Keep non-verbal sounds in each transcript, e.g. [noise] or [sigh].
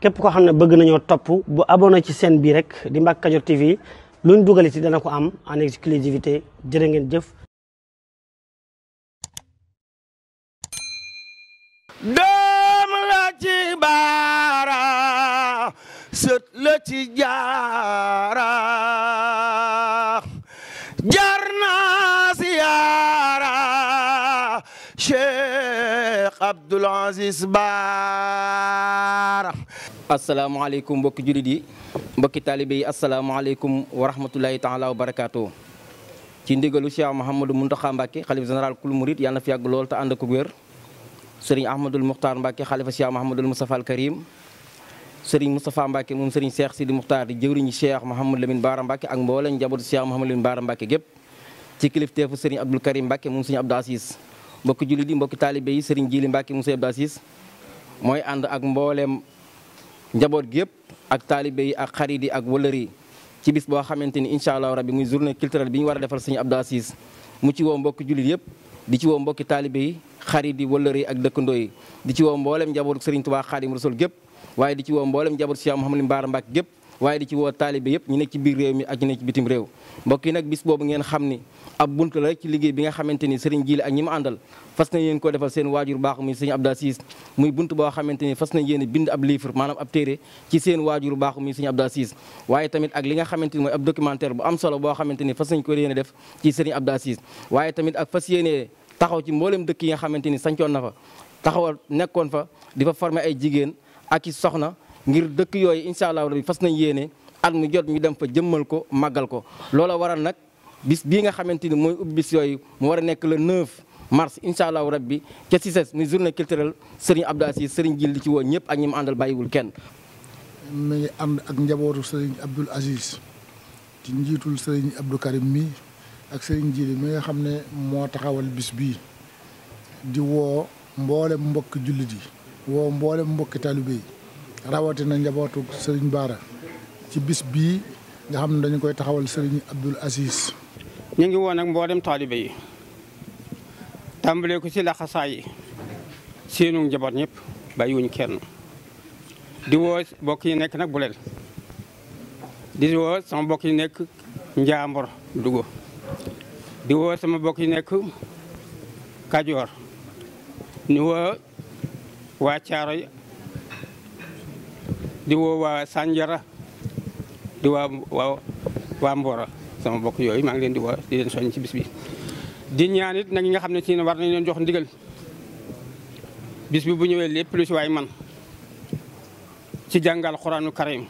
képp koo xam ne bëgg nañoo topp bu abonné ci seen bii rek di Mbacke Kadior TV lu ñu dugal ci dana ko am en exclusivité ngeen jëf. doom la sët la ci Abdoul Aziz Baara. asalaamaaleykum mbokki jullit yi mbokki taalibe yi asalaamaaleykum wa rahmatulahi taala wa barakaatu. ci ndigalu Cheikh Mouhamadou Mountakha Mbacké xalif général kul murid yàlla na fi yàgg lool te ànd ak wér. sëriñ Ahmadul Muxtaar Mbacké xalifa Cheikh Mouhamadul Moustapha al Karim. sëriñ Moustapha Mbacké moom sëriñ Cheikh Sidi Muxtaar di jëwriñu Cheikh Mouhamadou Lamine Baara Mbacké ak mboolem njabootu Cheikh Mouhamadou Lamine Baara Mbacké gépp ci kilifteefu sëriñ Abdoul Karim Mbacké moom sëriñ Abdou Aziz mbokki jullit yi mbokki taalibe yi sëriñ Jili Mbàkke Moussa Abdou Aziz mooy ànd ak mbooleem njaboot gi yëpp ak taalibe yi ak xarit yi ak wëlër yi ci bis boo xamante ni incha allah rabbi mu journée culturelle bi ñu war a defal sëriñ Abdou Aziz mu ci woo mbokki jullit yëpp di ci woo mbokki taalibe yi xarit yi wëlër yi ak dëkkandoo yi di ci woo mbooleem njaboot sëriñ Tuubaa Xaadim Rasuul gépp waaye di ci woo mbooleem njaboot Cheikh Mouhamadou mbaar Mbàkke gépp waaye di ci woo taalibe yëpp ñu nekk ci biir réew mi ak ñu nekk ci bitim réew mbokk bis boobu ngeen xam ni ab bunt la rek ci liggéey bi nga xamante ni sëriñ Jiili ak ñi mu àndal fas nañ yéen ko defal seen waajur baax muy sëriñ Abdou Aziz muy bunt boo xamante ni fas nañ yéen bind ab livre maanaam ab téere ci seen waajur baax muy sëriñ Abdou Aziz waaye tamit ak li nga xamante ni mooy ab documentaire bu am solo boo xamante ni fas nañ ko def ci sëriñ Abdou Aziz waaye tamit ak fas yéene taxaw ci mboolem dëkk yi nga xamante ni sancoon na fa taxawal nekkoon fa di fa former ay jigéen ak i soxna ngir dëkk yooyu insha allah rabi fas nañ yéene at mu jot ñu dem fa jëmmal ko màggal ko loola waral nag bis bii nga xamante ni mooy ubbi bis yooyu mu war a nekk le 9 mars incha allahu rabbi ca CICES muy journée culturelle Serigne Abdou Aziz Serigne Jil di ci woo ñëpp ak ñi mu àndal bàyyiwul kenn. mi ak njabootu Serigne Abdoul Aziz ci njiitul Serigne Abdou Karim mi ak Serigne Jili mi nga xam ne moo taxawal bis bii di woo mboolem mbokk jullit yi. woo mboole mbokki taalibe rawatina njabootu sëriñ Baara ci bis bii nga xam ne dañu koy taxawal sëriñ Abdul asiis ñu ngi woon ak mboolem taalibe yi tàmbalee ko ci laxasaay yi seenu njaboot ñëpp bàyyiwuñ kenn di woo mbokk yi nekk nag Bulel di woo sama mbokk yi nekk Njaambor Dugo di woo sama mbokk yi nekk Kajoor ni woo waa Caaroy di woo waa Sanjara di waa waa waa Mboro sama bokk yooyu maa ngi leen di woo di leen soññ ci bis bi. di ñaan it nag ñi nga xam ne ci war nañ leen jox ndigal bis bi bu ñëwee lépp lu si waay man ci jàngal xuraanu karim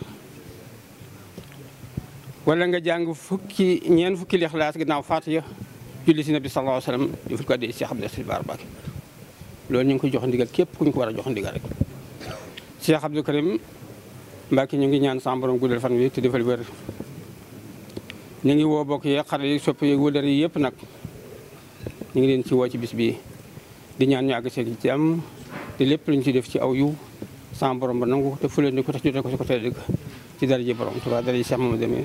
wala nga jàng fukki ñeen fukki lixlaas ginnaaw gi naaw ci nabi sallallahu alayhi wa sallam diful ko addi si baar baak koy jox képp ku ko war a jox ndigal rek Karim Mbàkke ñu ngi ñaan sama borom guddal fan wi te defal wér ñu ngi woo bokk yeeg xare yi sopp yeeg wëlër yi yëpp nag ñu ngi leen ci woo ci bis bii di ñaan ñu àgg seen ci am te lépp luñ ci def ci aw yu samborom ba nangu te fu leen di ko tax jotee ko si ko teel ci dara ji borom Tuubaa dara ji Seex Mamadu demee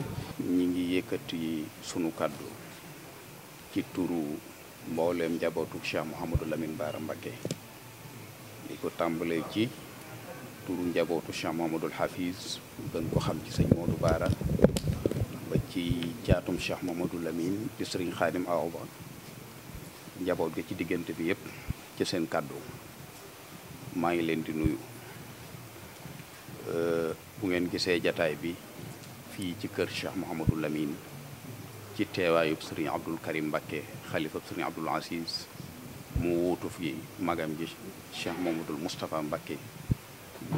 ñi ngi yëkkati sunu kàddu ci turu mbooleem njabootu Cheikh Mouhamadou Lamine Bara Mbacké li ko tàmbalee ci turu njabootu Cheikh Mamadou Hafiz gën ko xam ci sëñ Modou Baara ba ci caatum Cheikh Mamadou Lamine di sëriñ Xaadim Awa Ba njaboot ga ci diggante bi yépp ci seen kàddu maa ngi leen di nuyu bu ngeen gisee jataay bi fii ci kër Cheikh Mouhamadou Lamine ci teewaayub sëriñ Abdul Karim Mbacke xalifab sëriñ Abdul Aziz mu wuutu fi magam ji Cheikh Mouhamadoul Moustapha Mbacke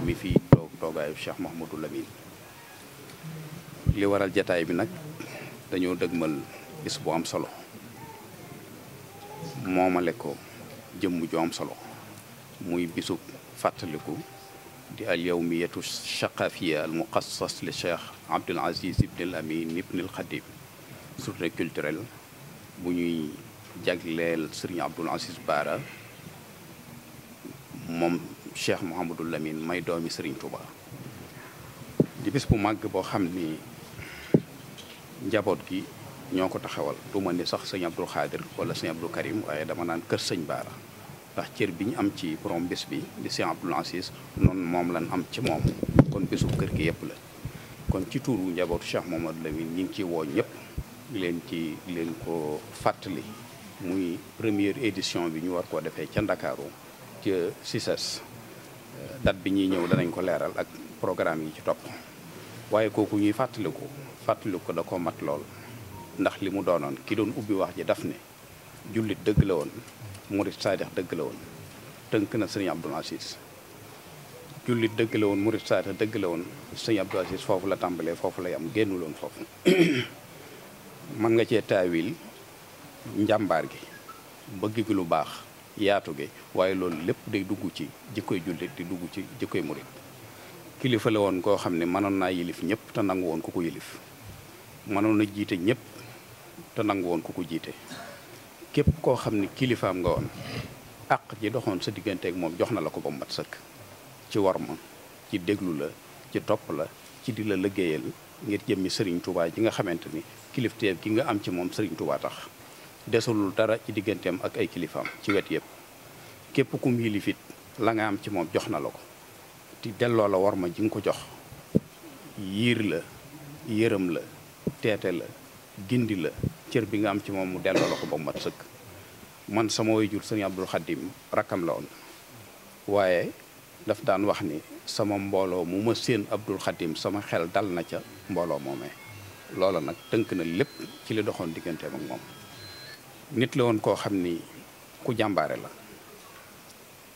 mi fi toog toogaayu Cheikh Mouhamadou Lamine li waral jataay bi nag dañoo dëgmal bis bu am solo moomale ko jëmm ju am solo muy bisu fàttaliku di al yawmiyatu chaqafiya al muqassas li Cheikh Abdoul Aziz Ibn al Amin Ibn Khadim journée culturelle bu ñuy jagleel Serigne Abdoul Aziz Bara moom Cheikh Mouhamadul Lamine may doomi Serigne Touba di bis bu màgg boo xam ni njaboot gi ñoo ko taxawal du ma ni sax sëñ Abdou Khadir wala sëñ Abdou Karim waaye dama naan kër sañ Baara ndax cër bi ñu am ci borom bis bi di sëñ Abdou Aziz noonu moom lan am ci moom kon bisu kër gi yëpp la kon ci tuuru njabootu Cheikh Mouhamadul Lamine ñu ngi ciy woo ñëpp leen ci leen ko fàttali muy première édition bi ñu war koo defee ca Ndakaaru ca CICES date bi ñuy ñëw danañ ko leeral ak programme yi ci topp waaye kooku ñuy fàttaliku fàttaliku da ko mat lool ndax li mu doonoon ki doon ubbi wax ji daf ne jullit dëgg la woon murit saadix dëgg la woon tënk na sëñ Abdou Aziz jullit woon murit saadix dëgg la woon sëñ Abdou foofu la tàmbalee foofu lay am génnu loon foofu [coughs] mën nga cee taawil njàmbaar gi bëgg gi lu baax yaatu gi waaye loolu lépp day dugg ci jikkoy jullit di dugg ci jikkoy murit kilifa la woon koo xam ne mënoon naa yilif ñëpp te nangu woon ku ko yilif mënoon na jiite ñëpp te nangu woon ku ko jiite képp koo xam ne kilifaam nga woon àq ji doxoon sa diggante digganteeg moom jox na la ko ba mat sëkk ci war ma ci déglu la ci topp la ci di la liggéeyal ngir jëmmi Serigne Touba ji nga xamante ni kilifteef gi nga am ci moom Serigne Touba tax desalul dara ci digganteem ak ay kilifaam ci wet yëpp képp kum yilifit la nga am ci moom jox na la ko ti delloo la war ma ji nga ko jox yiir la yërëm la teete la gindi la cër bi nga am ci moom mu delloo la ko ba mu mat sëkk man sama jur sëñ Abdul Xadim rakkam la woon waaye dafa daan wax ni sama mbooloo mu ma séen Abdul Xadim sama xel dal na ca mbooloo moomee loola nag tënk na lépp ci li doxoon digganteem ak moom nit la woon koo xam ni ku jàmbaare la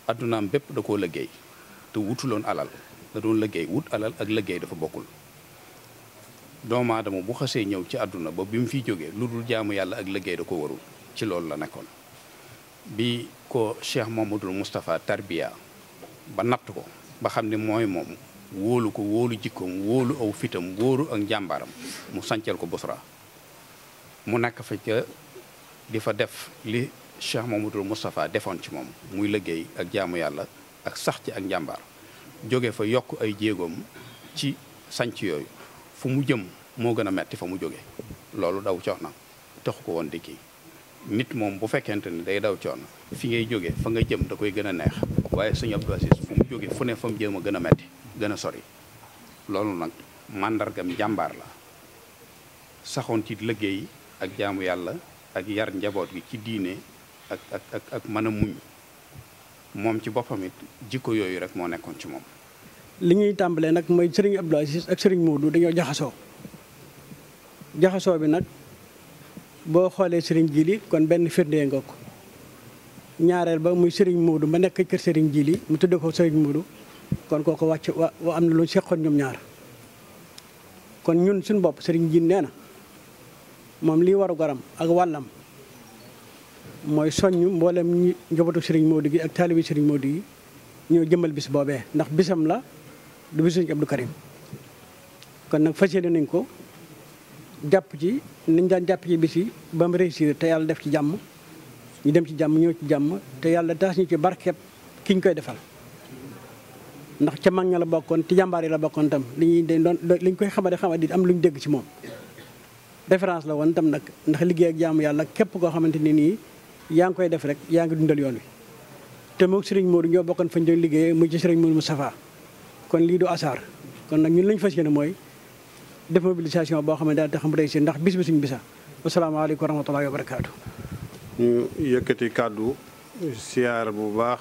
addunaam bépp da koo liggéey te wutu loon alal da doon liggéey wut alal ak liggéey dafa bokkul doomu aadama bu xësee ñëw ci àdduna ba bi mu fiy jógee lu dul jaamu yàlla ak liggéey da ko warul ci loolu la nekkoon bi ko Cheikh Mamadou Moustapha tarbiya ba natt ko ba xam ne mooy moom wóolu ko wóolu jikkoom wóolu aw fitam wóolu ak njàmbaaram mu sancal ko Bosra mu nekk fa ca di fa def li Cheikh Mamadou mustapha defoon ci moom muy liggéey ak jaamu yàlla ak sax ci ak njàmbaar jóge fa yokk ay jéegoom ci sanc yooyu fu mu jëm moo gën a metti fa mu jóge loolu daw cox na taxu ko woon di kii nit moom bu fekkente ni day daw coon fi ngay jóge fa nga jëm da koy gën a neex waaye sëñ Abdou mu jóge fu ne fa mu jëm gën a metti gën a sori loolu nag màndargam jàmbaar la saxoon ci liggéey ak jaamu yàlla ak yar njaboot gi ci diine ak ak ak mën a muñ moom ci boppam it jikko yooyu rek moo nekkoon ci moom. li ñuy tàmbalee nag mooy Serigne Abdou Aziz ak sëriñ Modou dañoo jaxasoo jaxasoo bi nag boo xoolee Serigne Jili kon benn firndee nga ko ñaareel ba muy Serigne Modou ba nekk kër jii li mu tuddee ko Serigne Modou kon kooku wàcc wa am na lu seqoon ñoom ñaar kon ñun suñ bopp Serigne Jili nee na. moom lii waru garam ak wàllam mooy soññ mboolem ñi njabootu Serigne Modou gi ak taalibi Serigne Modou yi ñoo jëmmal bis boobee ndax bisam la du bisu Serigne Abdou kon nag fas yéene nañ ko jàpp ci niñ daan jàpp ci bis yi ba mu réussir te yàlla def ci jàmm ñu dem ci jàmm ñëw ci jàmm te yàlla taas ñu ci barkeeb ki ñu koy defal ndax ca mag ña la bokkoon ci jàmbaar yi la bokkoon tam li ñuy doon li ñu koy xamade xamadi am lu ñu dégg ci moom référence la woon tam nag ndax liggéey ak jaamu yàlla képp koo xamante ne nii yaa ngi koy def rek yaa ngi dundal yoon wi te moog Serigne Modou ñoo bokkoon fañ doon liggéeyee mu ci Serigne Modou Moustapha kon lii du asaar kon nag ñun lañu fas yéene mooy def mobilisation boo xam ne daal di xam si ndax bis bi suñ bisa asalaamaaleykum wa rahmatullahi wa barakaatu. ñu yëkkati kàddu siyaar bu baax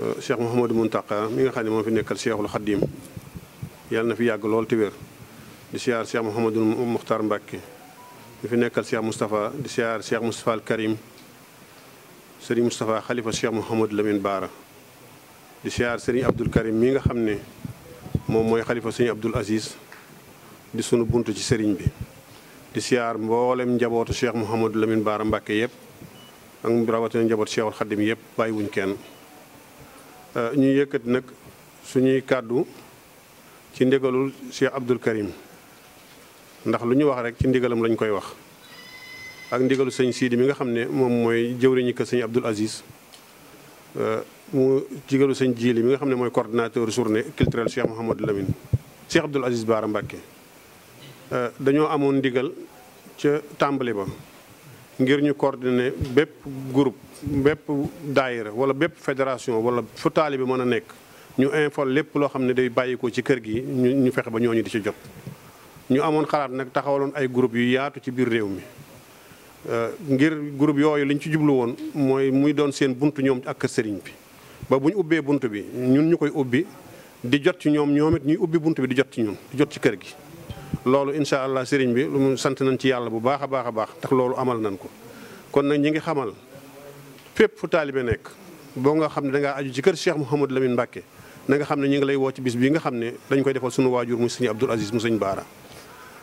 euh, Cheikh Mouhamadou taq mi nga xam ne moo fi nekkal Cheikhul Khadim yàlla na fi yàgg lool te wér. di siyaar Cheikh Mouhamadul Muxtar Mbacke di fi nekkal Cheikh mustafa di siyaar Cheikh Moustapha al Karim sëriñ Moustapha xalifa Cheikh Mouhamadou Lamine Baara di siyaar sëriñ Abdul Karim mi nga xam ne moom mooy xalifa suñu Abdul Aziz di sunu buntu ci sëriñ bi di siyaar mboolem njabootu Cheikh Mouhamadou Lamine Baara Mbacke yëpp ak rawatina njaboot Cheikhul Xadim yëpp bàyyiwuñ kenn euh, ñu yëkkati nag suñuy kàddu ci ndegalul Cheikh Abdul Karim ndax lu ñu wax rek ci ndigalam lañ koy wax ak ndigalu sëñ Sidi mi nga xam ne moom mooy jëwriñu kër sëñ Abdoul Aziz euh, mu ndigalu sëñ Jili mi nga xam ne mooy coordinateur journée culturelle Cheikh Mouhamadou Lamine Cheikh Abdoul Aziz Baara Mbacke euh, dañoo amoon ndigal ca tàmbali ba ngir ñu coordonné bépp groupe bépp daayira wala bépp fédération wala fu taalibe mën a nekk ñu infol lépp loo xam ne day bàyyi ci kër gi ñu fexe ba ñooñu di ci jot ñu amoon xalaat nag taxawaloon ay groupe yu yaatu ci biir réew mi euh, ngir groupe yooyu liñ ci jublu woon mooy muy doon seen bunt ñoom ak sëriñ bi ba bu ñu ubbee bunt bi ñun ñu koy ubbi di jot ci ñoom ñoom it ñuy ubbi bunt bi di jot ci ñun di jot ci kër gi. loolu incha allah sëriñ bi lu mu sant nañ ci yàlla bu baax a baax a baax ndax loolu amal nañ ko kon nag ñi ngi xamal fépp fu taalibe nekk boo nga xam ne da ngaa aju ci kër Cheikh Mouhamadou Lamine Mbacke na nga xam ngi lay woo ci bis bii nga xam ne dañ koy defal sunu waajur mu sëñ Abdoul Aziz mu sëñ Baara.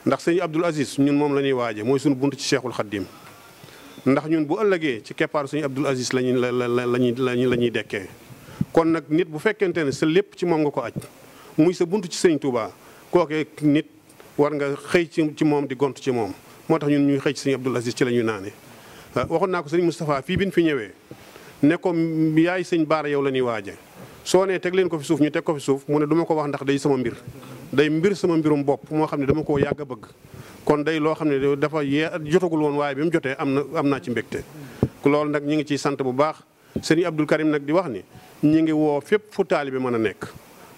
ndax sëñ Abdul Aziz ñun moom la ñuy waaje mooy suñu bunt ci Cheikhul Khadim ndax ñun bu ëllëgee ci keppaaru sëñ Abdul Aziz lañuy la la la la ñuy dekkee kon nag nit bu fekkente ne sa lépp ci moom nga ko aj muy sa bunt ci sëñ Touba kookee nit war nga xëy ci moom di gont ci moom moo tax ñun ñuy xëy ci sëñ Abdul Aziz ci la ñuy naane ah, waxoon naa ko sëñ Moustapha fii bi ñu fi ñëwee ne ko yaay sëñ Baara yow la ñuy waaje soo nee teg leen ko fi suuf ñu teg ko fi suuf mu ne du ko wax ndax day sama mbir day mbir sama mbirum bopp moo xam ne dama ko yàgg a bëgg kon day loo xam ne dafa yee jotagul woon waaye bi mu jotee am na am naa ci mbégte loolu nag ñu ngi ciy sant bu baax sëriñ Abdul Karim nag di wax ni ñu ngi woo fépp fu taalibe mën a nekk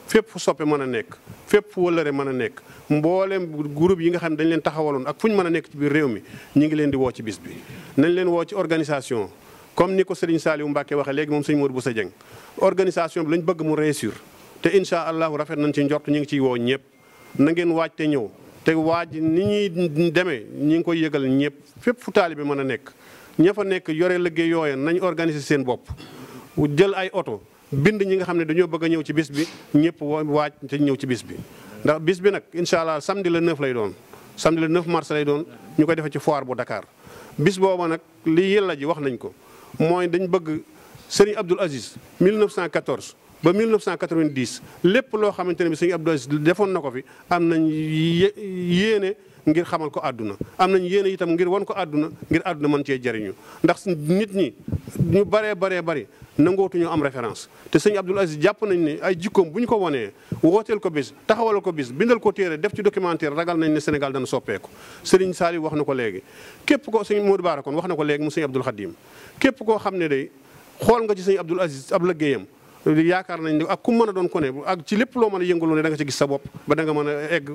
fépp fu soppe mën a nekk fépp fu wëllëre mën a nekk mboolem gurup yi nga xam ne dañ leen taxawaloon ak fu ñu mën a nekk ci biir réew mi ñu ngi leen di woo ci bis bi nañ leen woo ci organisation comme ni ko sëriñ Saliou Mbacke waxee léegi moom sëñ Modou Boussa Dieng organisation bi lañ bëgg mu réussir te incha allahu rafet nañ ci njort ñu ngi ciy woo ñëpp nangeen ngeen waaj te ñëw te waaj ni ñuy demee ñi ngi koy yëgal ñëpp fépp fu taalibe mën a nekk ña fa nekk yore liggéey yooya nañ organiser seen bopp jël ay oto bind ñi nga xam ne dañoo bëgg a ñëw ci bis bi ñëpp waaj te ñëw ci bis bi ndax bis bi nag incha allah samedi le 9 lay doon samedi le 9 mars lay doon ñu koy defee ci foire bu Dakar bis booba nag li yella ji wax nañ ko mooy dañ bëgg Serigne Abdoul Aziz 1914 ba 1990 lépp loo xamante ne bi sëñ Abdou Aziz defoon na ko fi am nañ yéene ngir xamal ko àdduna am nañ yéene itam ngir wan ko àdduna ngir àdduna mën cee jariñu ndax nit ñi ñu baree baree bari nangootuñu am référence te sëñ Abdou Aziz jàpp nañ ni ay jikkoom bu ñu ko wanee wooteel ko bis taxawal ko bis bindal ko téere def ci documentaire ragal nañ ne Sénégal dana soppeeku Serigne Saliou wax na ko léegi képp ko sëñ Modou Bara kon wax na ko léegi mu sëñ képp koo xam ne day xool nga ci sëñ Abdou ab liggéeyam yaakaar nañ ne ak ku mën a doon ko ne ak ci lépp loo mën a yëngalu ne da nga ci gis sa bopp ba da nga mën a egg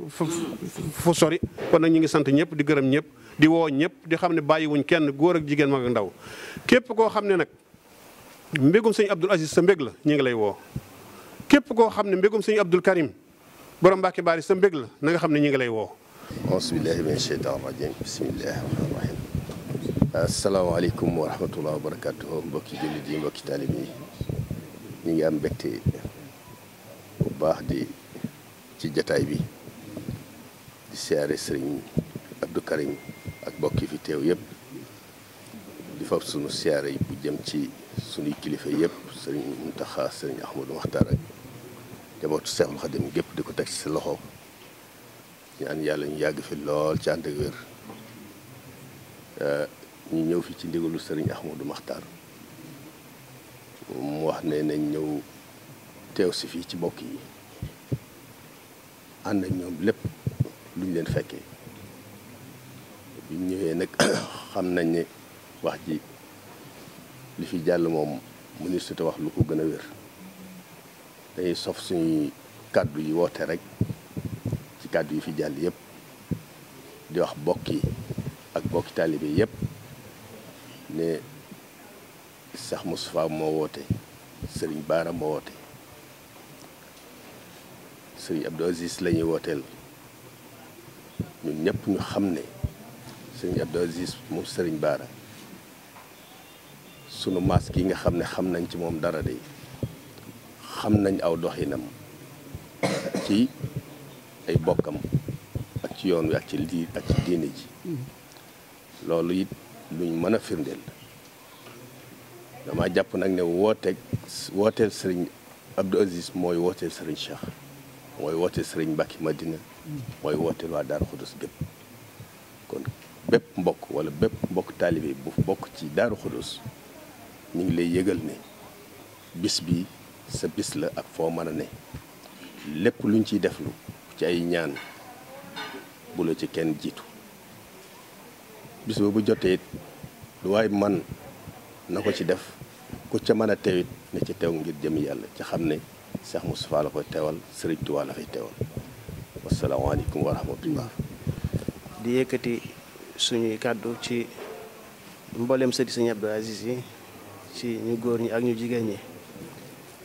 fu sori kon nag ñu ngi sant ñëpp di gërëm ñëpp di woo ñëpp di xam ne bàyyiwuñ kenn góor ak jigéen mag ak ndaw képp koo xam ne nag mbégum sëñ Abdul Aziz sa mbég la ñu ngi lay woo képp koo xam ne mbégum sëñ Abdul Karim borom Mbàkke Baari sa mbég la na nga xam ne ñu ngi lay woo auzu billaahi mina sheytaani rajiim bismillaahi rahmaani rahiim ñu ngi am mbégte bu baax di ci jataay bi di siyaare sëriñ Abdou Karim ak mbokk fi teew yëpp di fab sunu siyaare bu jëm ci sunuy kilifa yëpp sëriñ Muntaxa sëriñ Ahmadou Maxtaar ak jabootu Seexul Xadim gépp di ko teg ci sa loxo ñaan yàlla ñu yàgg fi lool ci ànd wér ñu ñëw fi ci ndigalu sëriñ Ahmadou Maxtaar mu wax ne nañ ñëw teew si fii ci mbokk yi ànd ak ñoom lépp luñ leen fekkee biñ ñëwee nag [coughs] xam nañ ne wax ji li fi jàll moom ministre te wax lu ko gën a wér dañuy sof suñuy kàddu yi woote rek ci kàddu yi fi jàll yépp di wax bokk yi ak bokki taalibe yépp ne Cheikh Moustapha moo woote sëriñ Baara moo woote sëriñ Abdou Aziz la ñuy wooteel ñun ñëpp ñu xam ne sëriñ Abdou Aziz moom sëriñ Baara sunu masque yi nga xam ne xam nañ ci moom dara de xam nañ aw doxinam ci ay bokkam ak ci yoon wi ak ci lii ak ci ji mm-hmm. loolu it luñ mën a firndeel. dama jàpp nag ne wooteeg wooteel sëriñ Abdou Aziz mooy wooteel sëriñ Cheikh mooy wooteel sëriñ Mbacke Madina mooy wooteel waa Daaru Xudus bépp kon bépp mbokk wala bépp mbokk taalibe bu bokk ci Daaru Xudus ñu ngi lay yëgal ne bis bi sa bis la ak foo mën a ne lépp luñ ciy def lu ci ay ñaan bu ci kenn jiitu bis ba bu jotee lu waay man na ko ci def ku ca mën a teew na ci teew ngir jëm yàlla ci xam ne Cheikh Moustapha la koy teewal Sëriñ Tuubaa la fay teewal wasalaamaaleykum wa rahmatullah di yëkkati suñuy kàddu ci mboolem sëti Sëriñ Abdou Aziz yi ci ñu góor ñi ak ñu jigéen ñi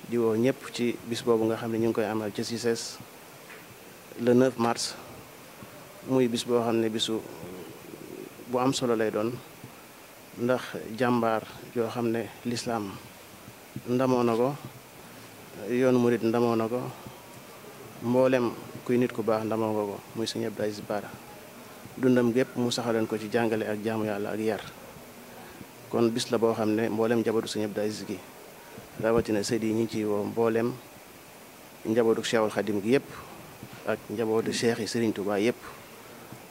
di woo ñëpp ci bis boobu nga xam ne ñu ngi koy amal ci Cissés le 9 mars muy bis boo xam ne bisu bu am solo lay doon ndax jàmbaar yoo xam ne lislaam ndamoo na ko yoonu murit ndamoo na ko mboolem kuy nit ku baax ndamoo nga ko muy sëñ Abdou du Bara dundam gépp mu saxaleen ko ci jàngale ak jaamu yàlla ak yar kon bis la boo xam ne mboolem njabootu sëñ Abdou Aziz gi rawatina sët yi ñu ngi ciy woo mboolem njabootu Cheikhul gi yëpp ak njabootu cheikh yi Serigne Touba yëpp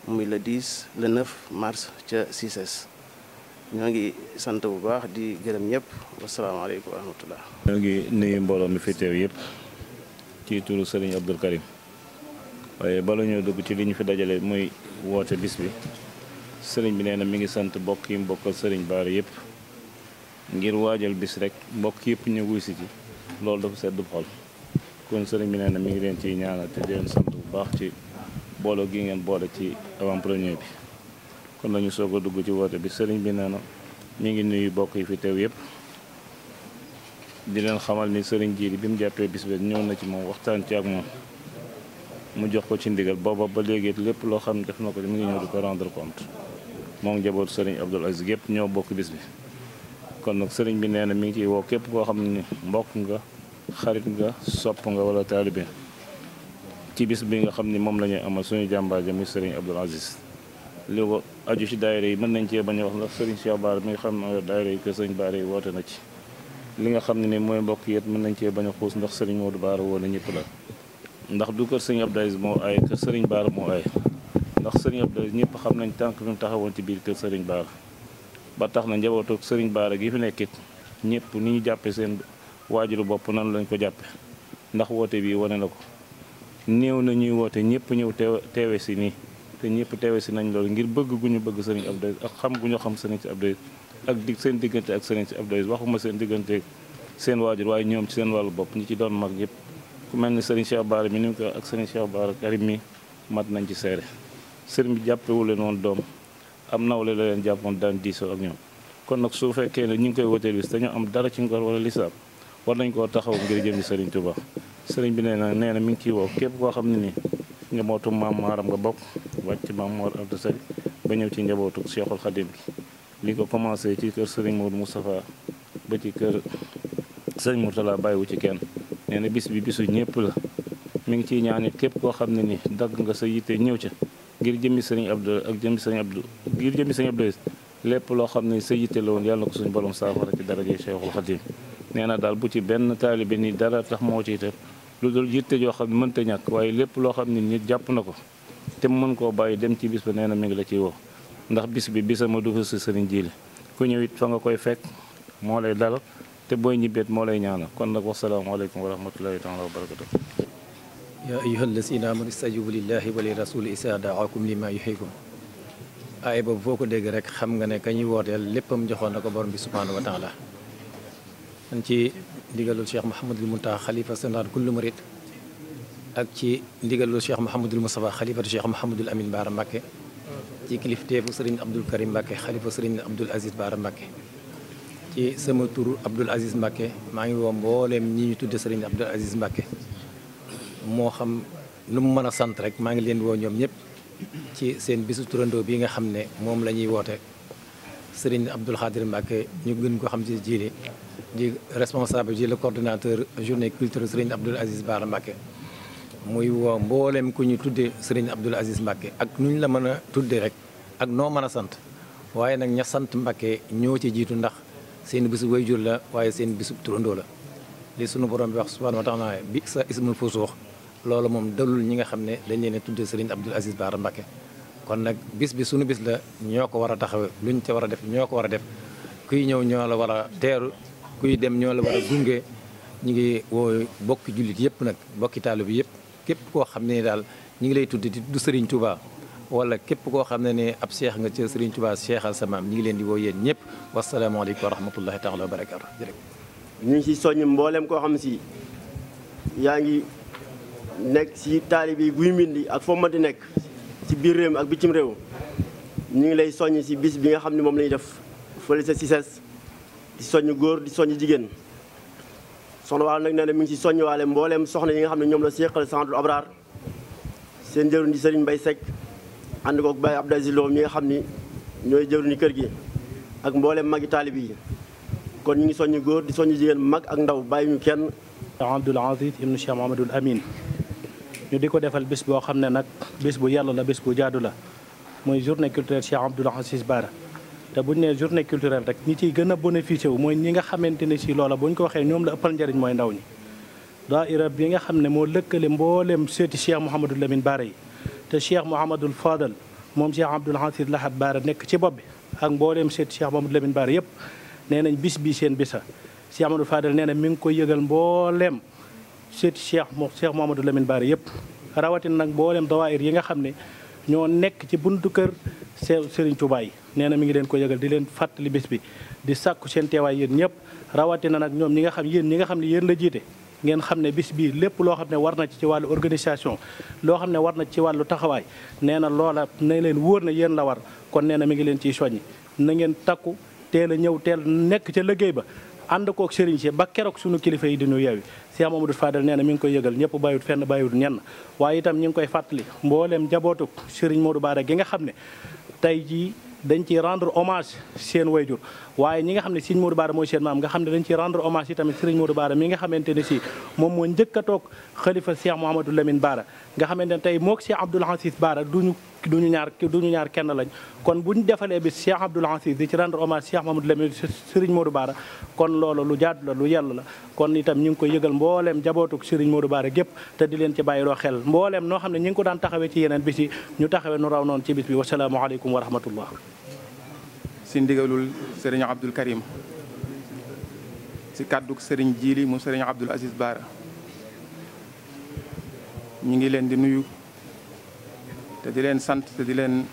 muy le 10 le 9 mars ca CICES. ñoo ngi sant bu baax di gërëm ñëpp wasalaamaaleykum wa rahmatullah ñoo ngi nuyu mbooloo mu fi teew yëpp ci turu Serigne Abdou Karim waaye bala ñoo dugg ci li ñu fi dajale mooy woote bis bi sëriñ bi nee na mi ngi sant mbokk yi mbokkal sëriñ Baara yëpp ngir waajal bis rek mbokk yëpp ñu wuy si ci loolu dafa sedd xol kon sëriñ bi nee na mi ngi leen ciy ñaana te di sant bu baax ci mbooloo gi ngeen boole ci avant premier bi kon nañu soog a dugg ci woote bi sëriñ bi nee na mi ngi nuyu bokk yi fi teew yëpp di leen xamal ni sëriñ Jiili bi mu jàppee bis bi ñëw na ci moom waxtaan ci ak moom mu jox ko ci ndigal booba ba léegi lépp loo xam ne def na ko mi ngi ñëw di ko rendre compte moom njaboot sëriñ Abdul Aziz yëpp ñoo bokk bis bi kon nag sëriñ bi nee na mi ngi ciy woo képp koo xam ne mbokk nga xarit nga sopp nga wala taalibe ci bis bi nga xam ni moom la amal suñu jàmbaar ja muy sëriñ Abdul li ko aju ci daayira yi mën nañ cee bañ a wax ndax Serigne Cheikh Bara mi nga xam ne daayira yi kër Serigne Bara yi woote na ci li nga xam ne ni mooy mbokk yet mën nañ cee bañ a xuus ndax Serigne Modou Bara woo na ñëpp la ndax du kër Serigne Abdou moo ay kër Serigne Bara moo ay ndax sëriñ Abdou Aziz ñëpp xam nañ tànk bi taxawoon ci biir kër Serigne Bara ba tax na njabootu sëriñ Bara gi fi nekkit ñëpp ni ñu jàppe seen waajuru bopp nan lañ ko jàppe ndax woote bii wane na ko néew na ñuy woote ñëpp ñëw teewe si nii te ñëpp teewe si nañ loolu ngir bëgg gu ñu bëgg Serigne Abdou Aziz ak xam gu ñu xam Serigne si Abdou Aziz ak seen diggante ak Serigne si Abdou Aziz waxuma seen diggante seen waajur waaye ñoom ci seen wàllu bopp ñu ci doon mag yëpp mel ni Serigne Cheikh Bara mi ni mu ko ak Serigne Cheikh Bara Karim mi mat nañ ci seere sëriñ bi jàppewu leen woon doom am nawle la jàppoon daan diisoo ak ñoom kon nag su fekkee ne ñu ngi koy woteel bis dañoo am dara ci ngor wala lislaam war nañ koo taxaw ngir jëm sëriñ Serigne sëriñ bi nee na nee na mi ngi ciy woo képp koo xam ne nii njabootu maam maaram nga bokk wàcc ci maam Mor Abdou ba ñëw ci njabootu Cheikhul Khadim bi li ko commencé ci kër Serigne Modou Moustapha ba ci kër Serigne Mourtala bàyyiwu ci kenn nee bis bi bisu ñëpp la mu ngi ciy ñaanit képp koo xam ne ni dagg nga sa yitte ñëw ca ngir jëmmi Serigne Abdou ak jëmmi Serigne Abdou ngir jëmmi Serigne Abdou lépp loo xam ne sa yitte la woon yàlla na ko suñu borom saafara ci daraje Cheikhul Khadim nee na daal bu ci benn taalibe ni dara tax moo ciy def lu dul yitte joo xam ne mënta ñàkk waaye lépp loo xam ne nit jàpp na ko te mën koo bàyyi dem ci bis ba nee na mi ngi la ciy woo ndax bis bi bisama du fa si sëriñ jiili ku ñëw it fa nga koy fekk moo lay dal te booy ñibbeet moo lay ñaanal kon nag wasalaamaaleykum wa rahmatullahi taala wa barakatu yaa ayuha allasina amanu istajibu lillahi wa li rasuli isa daakum lima yuxikum aaya boobu foo ko dégg rek xam nga ne ka ñuy wooteel léppam joxoon na ko borom bi subhanahu wa taala man ci ndigalul Cheikh Mouhamadul Mountakha xalifa sandaar kullu marit ak ci ndigalul Cheikh Mouhamadul Moustapha xalifatu Cheikh Mouhamadul Amin Baara Mbacke ci kilifteefu sëriñ Abdoul Karim Mbacke xalifa sëriñ Abdoul Aziz Baara Mbacke sama tur Abdoul maa ngi woo mbooleem ñi ñu tudde sëriñ Abdoul Aziz Mbacke moo xam lu mu mën a sant rek maa ngi leen woo ñoom ñëpp ci seen bisu turandoo bi nga xam ne moom la ñuy woote Serigne Abdoul Khadir Mbacke ñu gën ko xam ci jiile jii responsable ji le coordonnateur journée culture Serigne Abdoul Aziz Bara Mbacke muy woo mbooleem ku ñu tuddee Serigne Abdoul Aziz Mbacke ak nu la mën a tuddee rek ak noo mën a sant waaye nag ña sant Mbacke ñoo ci jiitu ndax seen bisu wayjur la waaye seen bisu turandoo la li sunu borom bi wax subhaanahu tax taala bi sa ismul fusuux loolu moom dalul ñi nga xam ne dañ leen a tuddee Serigne Abdoul Aziz Bara Mbacke kon nag bis bi sunu bis la ñoo ko war a taxawe luñ ca war a def ñoo ko war a def kuy ñëw ñoo la war a teeru kuy dem ñoo la war a gunge ñu ngi woo bokki jullit yëpp nag bokki taalibe yëpp képp koo xam ne daal ñu ngi lay tudd di du Serigne wala képp koo xam ne ne ab seex nga ci sëriñ Touba seexal sa maam ñu ngi leen di woo yéen ñëpp wasalaamaaleykum wa rahmatullahi taala wa barakaatu ñu ngi si soññ mboolem koo xam si yaa ngi nekk si taalibe yi guy mbindi ak foo ma di nekk ci biir réew mi ak bitim réew ñu ngi lay soññ si bis bi nga xam ne moom la def fële sa CICES di soññ góor di soññ jigéen soxna waale nag nee na mi ngi si soññwaale mbooleem soxna yi nga xam ne ñoom la seeqal centre Abraar seen jëwriñ di Serigne Mbaye Seck ànd koog Baye Abdou mi nga xam ni ñooy jëwriñu kër gi ak mbooleem magi taalib yi kon ñu ngi soññ góor di soññ jigéen mag ak ndaw bàyyi ñu kenn Abdoul Aziz ibnu Cheikh Mahamadul Amin ñu di ko defal bis boo xam ne nag bis bu yàlla la bis bu jaadu la muy journée culturelle Cheikh Abdoul Aziz Bara te bu ñu nee journée culturelle rek ñi ciy gën a bénéficié wu mooy ñi nga xamante ne si loola bu ñu ko waxee ñoom la ëppal njëriñ mooy ndaw ñi daaira bi nga xam ne moo lëkkale mbooleem seeti Cheikh Mouhamadul Lamine Bara yi te Cheikh Mouhamadul Fadal moom Cheikh Abdoul Aziz Lahat Bara nekk ci bopp bi ak mbooleem seeti Cheikh Mouhamadul Lamine Bara yëpp nee nañ bis bi seen bisa Cheikh Amadou Fadal nee na mi ngi koy yëgal mbooleem seeti cheikh mo cheikh Mouhamadou Lamine Bara yëpp rawatin nag mboolem dawaayir yi nga xam ne ñoo nekk ci buntu kër Serigne Touba yi nee na mi ngi leen ko yëgal di leen fàttali bés bi di sàkku seen teewaay yéen ñëpp rawatina nag ñoom ñi nga xam yéen ñi nga xam ne yéen la jiite ngeen xam ne bis bii lépp loo xam ne war na ci ci wàllu organisation loo xam ne war na ci wàllu taxawaay nee na loola na leen wóor na yéen la war kon nee na mi ngi leen ciy soññi na ngeen takku teel a ñëw teel nekk ca liggéey ba ànd kook sëriñ si ba keroog suñu kilifa yi di ñu yeewi Cheikh Mamadou Fadel nee na mi ngi koy yëgal ñëpp bàyyiwut fenn bàyyiwut ñenn waaye itam ñu ngi koy fàttali mbooleem jabootug sëriñ Modou Bara gi nga xam ne tey jii dañ ciy rendre hommage seen wayjur waaye ñi nga xam ne sëriñ Modou Bara mooy seen maam nga xam ne dañ ciy rendre hommage yi tamit sëriñ Modou Bara mi nga xamante ne si moom moo njëkk a toog xalifa Cheikh Mouhamadou Lamine Bara nga xamante ne tey mook Cheikh Abdoul Aziz Bara duñu duñu ñaar duñu ñaar kenn lañ kon buñ defalee bi Cheikh Abdoul Aziz di ci rendre hommage Cheikh Mamadou Lamine Serigne Modou Bara kon loolu lu jaadu la lu yell la kon itam ñu ngi koy yëgal mbooleem jabootuk Serigne Modou Bara gépp te di leen ci bàyyiloo xel mbooleem noo xam ne ñi ngi ko daan taxawee ci yeneen bis yi ñu taxawee nu raw noonu ci bis bi wasalaamaaleykum wa rahmatullah si ndigalul Serigne Abdoul Karim si kàdduk Serigne Jili mu Serigne Abdoul Aziz Bara ñu ngi leen di nuyu te di leen sant te di leen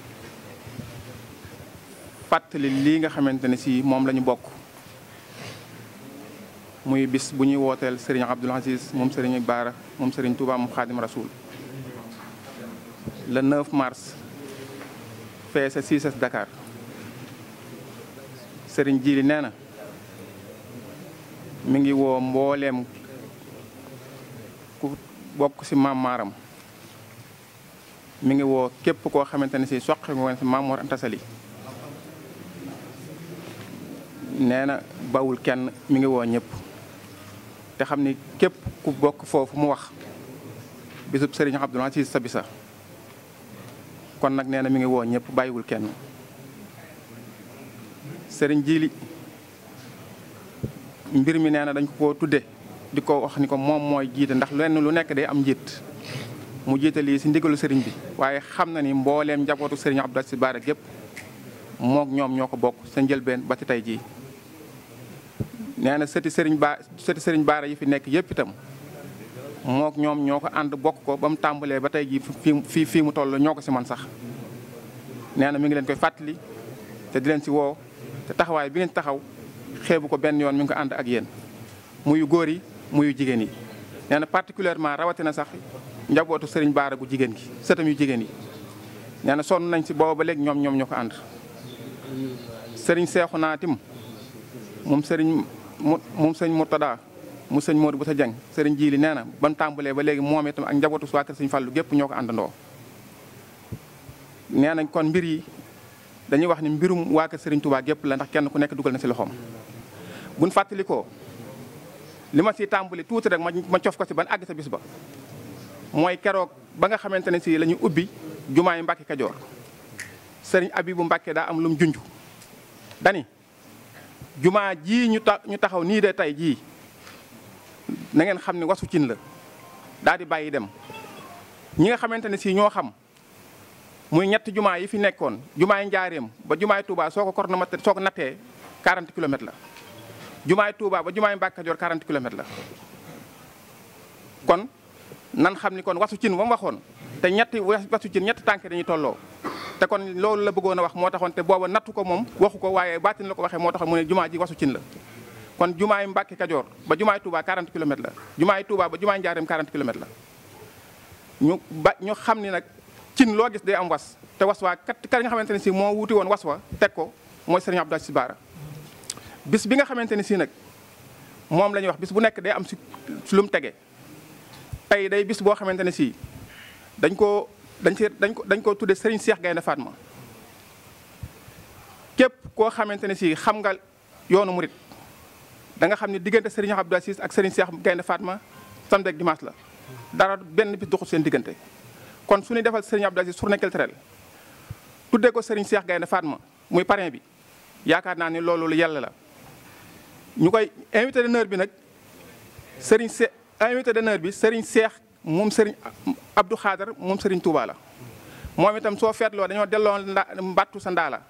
fàttali lii nga xamante ne si moom la ñu bokk muy bis bu ñuy wooteel sëriñ Abdoul Aziz moom sëriñ Baara moom sëriñ Touba moom Xaadim Rasoul le 9 fee sa CICES Dakar sëriñ Jili nee na mi ngi woo mbooleem ku bokk ci maam maaram mi ngi woo képp koo xamante ne si soqe nga si Maam Mor Anta Sali nee na bawul kenn mi ngi woo ñépp te xam ni képp ku bokk foofu mu wax bisub Serigne Abdoul Aziz sa bisa kon nag nee na mi ngi woo ñépp bàyyiwul kenn sëriñ Jili mbir mi nee na dañ ko koo tuddee di ko wax ni ko moom mooy jiite ndax lenn lu nekk day am njiit mu jiite lii si ndigalu sëriñ bi waaye xam na ni mbooleem njabootu sëriñ Abdou Aziz Bara gépp mook ñoom ñoo ko bokk sa jëlbeen ba ci tey jii nee na sëti sëriñ Ba sëti sëriñ Baara yi fi nekk yëpp itam mook ñoom ñoo ko ànd bokk ko ba mu tàmbalee ba tey jii fii fii mu toll ñoo ko si man sax nee na mi ngi leen koy fàttali te di leen si woo te taxawaay bi ngeen taxaw xeebu ko benn yoon mi ngi ko ànd ak yéen muyu góor yi muyu jigéen yi nee na particulièrement rawatina sax njabootu sëriñ baara gu jigéen gi sëtam yu jigéen yi nee na sonn nañ si booba ba léegi ñoom ñoom ñoo ko sëriñ seexu naatim moom sëriñ mu moom sëñ Murtada mu sëñ Modou bu sa jang sëriñ jiili nee na ban tàmbalee ba léegi moom itam ak njabootu waa kër sëñ Fàllu gépp ñoo ko àndandoo nee nañ kon mbir yi dañuy wax ni mbirum waa kër sëriñ Touba gépp la ndax kenn ku nekk dugal na si loxoom buñ fàttalikoo li ma si tàmbali tuuti rek ma cof ko si ban àgg sa bis ba mooy keroog ba nga xamante ne si la ñu ubbi jumaay Mbàkke Kajoor sëriñ abi bu mbakkee daa am lu mu junj dani jumaa jii ñu ta ñu taxaw nii de tey jii na ngeen xam ne wasu cin la daal di bàyyi dem ñi nga xamante ne si ñoo xam muy ñetti jumaa yi fi nekkoon jumaa jumaay Njaareem ba jumaay Touba soo ko cornamat soo ko nattee 40 kilomètres la jumaay Touba ba jumaay Mbàkke Kajoor 40 kilomètres la kon nan xam ni kon wasu cin moom waxoon te ñetti wasu cin ñetti tànk dañuy tolloo te kon loolu la bëggoon a wax moo taxoon te booba nattu ko moom waxu ko waaye baatin la ko waxee moo taxoon mu ne ji wasu cin la kon jumaay Mbàkke Kajoor ba jumaay Touba 40 kilomètres la jumaay Touba ba jumaay Njaareem 40 kilomètres ñu ba ñu xam ni nag cin loo gis day am was te was waa kat kat xamante ne si moo wuti woon was wa teg ko mooy Serigne Abdou Aziz Bara bis bi nga xamante ne si nag moom la ñuy wax bis bu nekk day am si lu mu tege tey day bis boo xamante ne si dañ koo dañ see dañ ko dañ koo tudde Serigne Cheikh Gaynde Fatma képp koo xamante ne si xam nga yoonu murit da nga xam ne diggante Serigne Abdou Aziz ak Serigne Cheikh Gaynde Fatma samedi ak dimanche la dara benn bis seen diggante kon su ñu defal Serigne Abdou Aziz journée culturelle tuddee ko Serigne seex Gaynde Fatma muy parrain bi yaakaar naa ni loolu yàlla la ñu koy invité d'honneur bi nag Serigne Cheikh invité d'honneur bi Serigne Seex moom Serigne Abdou Khader moom Serigne Touba la moom itam soo feetloo dañoo delloo nda mbattu sa ndaa la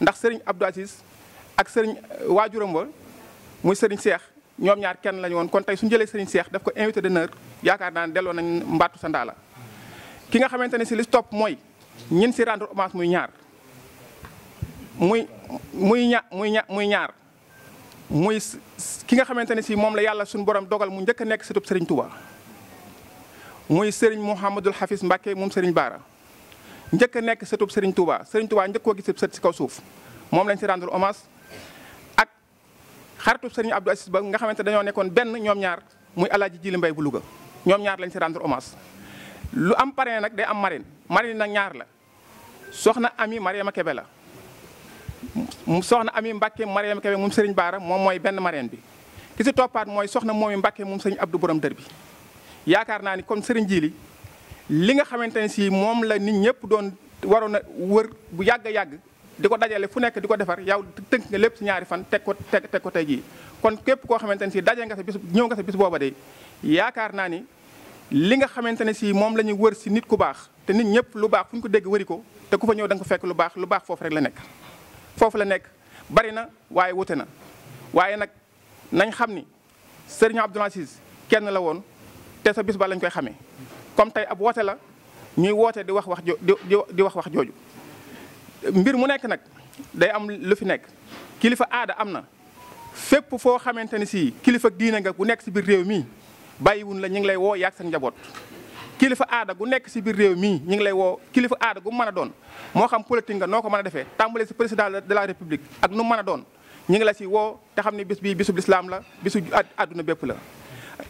ndax Serigne Abdou Aziz ak Serigne euh, waajuram wa muy Serigne Seex ñoom ñaar kenn lañu woon kon tey suñu jëlee Serigne Seex daf ko invité d'honneur yaakaar naa ne delloo nañ mbattu sa ndaa la ki nga xamante ne si li topp mooy ñin si rendre hommage muy ñaar muy muy ña muy ña muy ñaar muy ki nga xamante ne si moom la yàlla suñu borom dogal mu njëkk a nekk sëtub Serigne Touba muy Serigne Mouhamadul Hafiz Mbacke moom Serigne Baara njëkk nekk sëtub Serigne Touba Serigne Touba njëkk koo gis si kaw suuf moom lañ si rendre hommage ak xaritub Serigne Abdou Aziz Ba nga xamante dañoo nekkoon benn ñoom ñaar muy El Hadj Jili Mbay bu Louga ñoom ñaar lañ si rendre hommage. lu am parrain nag day am marraine marraine nag ñaar la soxna Ami Mariama Kebe la. soxna ami Mbacke Mariam Kebe moom Serigne Baara moom mooy benn marraine bi ki si toppaat mooy soxna moomi Mbacke moom Serigne Abdou borom dër bi yaakaar naa ni comme Serigne Jili li nga xamante ne si moom la nit ñëpp doon waroon a wër bu yàgg a yàgg di ko dajale fu nekk di ko defar yow tënk nga lépp ñaari fan teg ko teg teg ko tey jii kon képp koo xamante ne si daje nga bis ñëw nga sa booba de yaakaar naa ni li nga xamante ne si moom la ñuy wër si nit ku baax te nit ñëpp lu baax fu ñu ko dégg wëri ko te ku fa ñëw da ko fekk lu baax lu baax foofu rek la nekk foofu la nekk bari na waaye wute na waaye nag nañ xam ni sëriñ Abdoul kenn la woon te sa bis ba lañ koy xamee comme tey ab woote la ñuy woote di wax wax jo jooju mbir mu nekk nag day am lu fi nekk kilifa aada am na fépp foo xamante ni si kilifa diine nga bu nekk si biir réew mi bàyyiwun la ñu ngi lay woo yaag seen njaboot kilifa aada gu nekk si biir réew mii ñu ngi lay woo kilifa aada gu mën a doon moo xam politique nga noo ko mën a defee tàmbale si président de la république ak nu mën a doon ñu ngi la si woo te xam ne bis bii bisub lislaam la bisu àdduna bépp la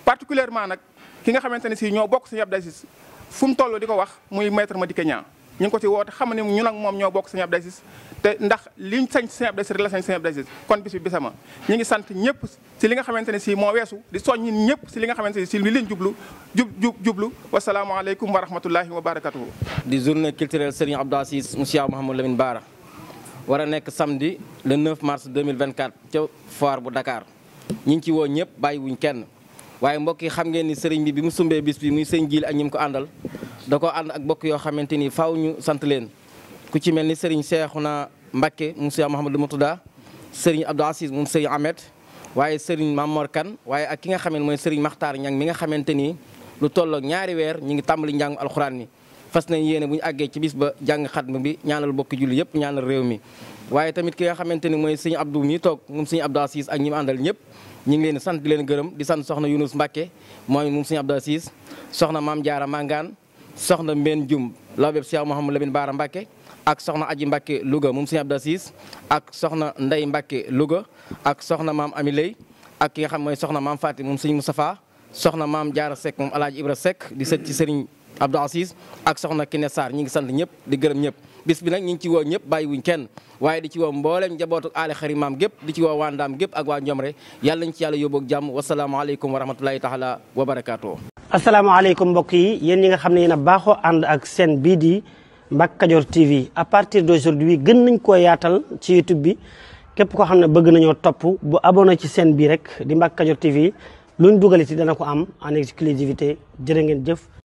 particulièrement nag ki nga xamante ne si ñoo bokk suñu Abdou Aziz fu mu toll di ko wax muy maître Madické Niang ñu ngi ko ci woote xam ne ñun ak moom ñoo bokk sëñ Abdou Aziz te ndax liñ sañ sëñ Abdou Aziz rek la kon bis bi bisama ñu ngi sant ñëpp si li nga xamante ne si moo weesu di soññi ñëpp si li nga xamante ne si li leen jublu jub jub jublu wasalaamaaleykum wa rahmatullahi wa barakatuhu di journée culturelle Serigne Abdou Aziz Monsieur Mouhamadou Lamine Bara war a nekk samedi le 9 mars 2024 ca foire bu Dakar ñi ngi ci woo ñëpp bàyyi wuñ kenn waaye mbokk yi xam ngeen ni sëriñ bi bi mu sumbee bis bi muy sëñ jiil ak ñi mu ko àndal da ko ànd ak mbokk yoo xamante ni faaw ñu sant leen ku ci mel ni sëriñ Seexuna Mbàkke mu Seex Mouhamadou Moutouda sëriñ Abdou Aziz moom sëriñ Ahmed waaye sëriñ Mamor Kan waaye ak ki nga xam mooy sëriñ Maxtaar Ñang mi nga xamante ni lu tolloog ñaari weer ñu ngi tàmbali njàngu alxuraan mi fas nañ yéene bu ñu àggee ci bis ba jàng xatma bi ñaanal bokki julli yëpp ñaanal réew mi waaye tamit ki nga xamante ni mooy sëñ Abdou mi toog moom sëñ Abdou Assis ak ñi mu àndal ñëpp ñu ngi leen sant di leen gërëm di sant soxna Younus Mbacke mooy moom sëñ Abdou Assis soxna Maam Jaara Mangaan soxna Mbène Dioum lawbeb Cheikh Mouhamadou Lamine Baara Mbacke ak soxna Aji Mbacke Louga moom sëñ Abdou Assis ak soxna Ndey Mbacke Louga ak soxna Maam Ami ak ki nga xam mooy soxna Maam Fatim moom sëñ Moustapha soxna Maam Jaara Seck moom Alaaji Ibra Seck di sët ci sëriñ Abdou Assis ak soxna Kine Sarr ñi ngi sant ñëpp di gërëm ñëpp bis bi nag ñu ngi ci woo ñëpp bàyyi wuñ kenn waaye di ci woo mbooleem njabootu aale xarimaam gépp di ci woo waandaam gépp ak waa Njomre yàlla nañ ci yàlla yóbboog jàmm wasalaamaaleykum wa rahmatulahi taala wa barakaatu asalaamaaleykum mbokk yi yéen ñi nga xam ne yéen a baaxoo ànd ak seen bii di Mbacke Kadior TV à partir d'aujourd'hui gën nañ koo yaatal ci YouTube bi képp koo xam ne bëgg nañoo topp bu abonné ci seen bii rek di Mbacke Kadior TV luñ dugal ci dana ko am en exclusivité jërë ngeen jëf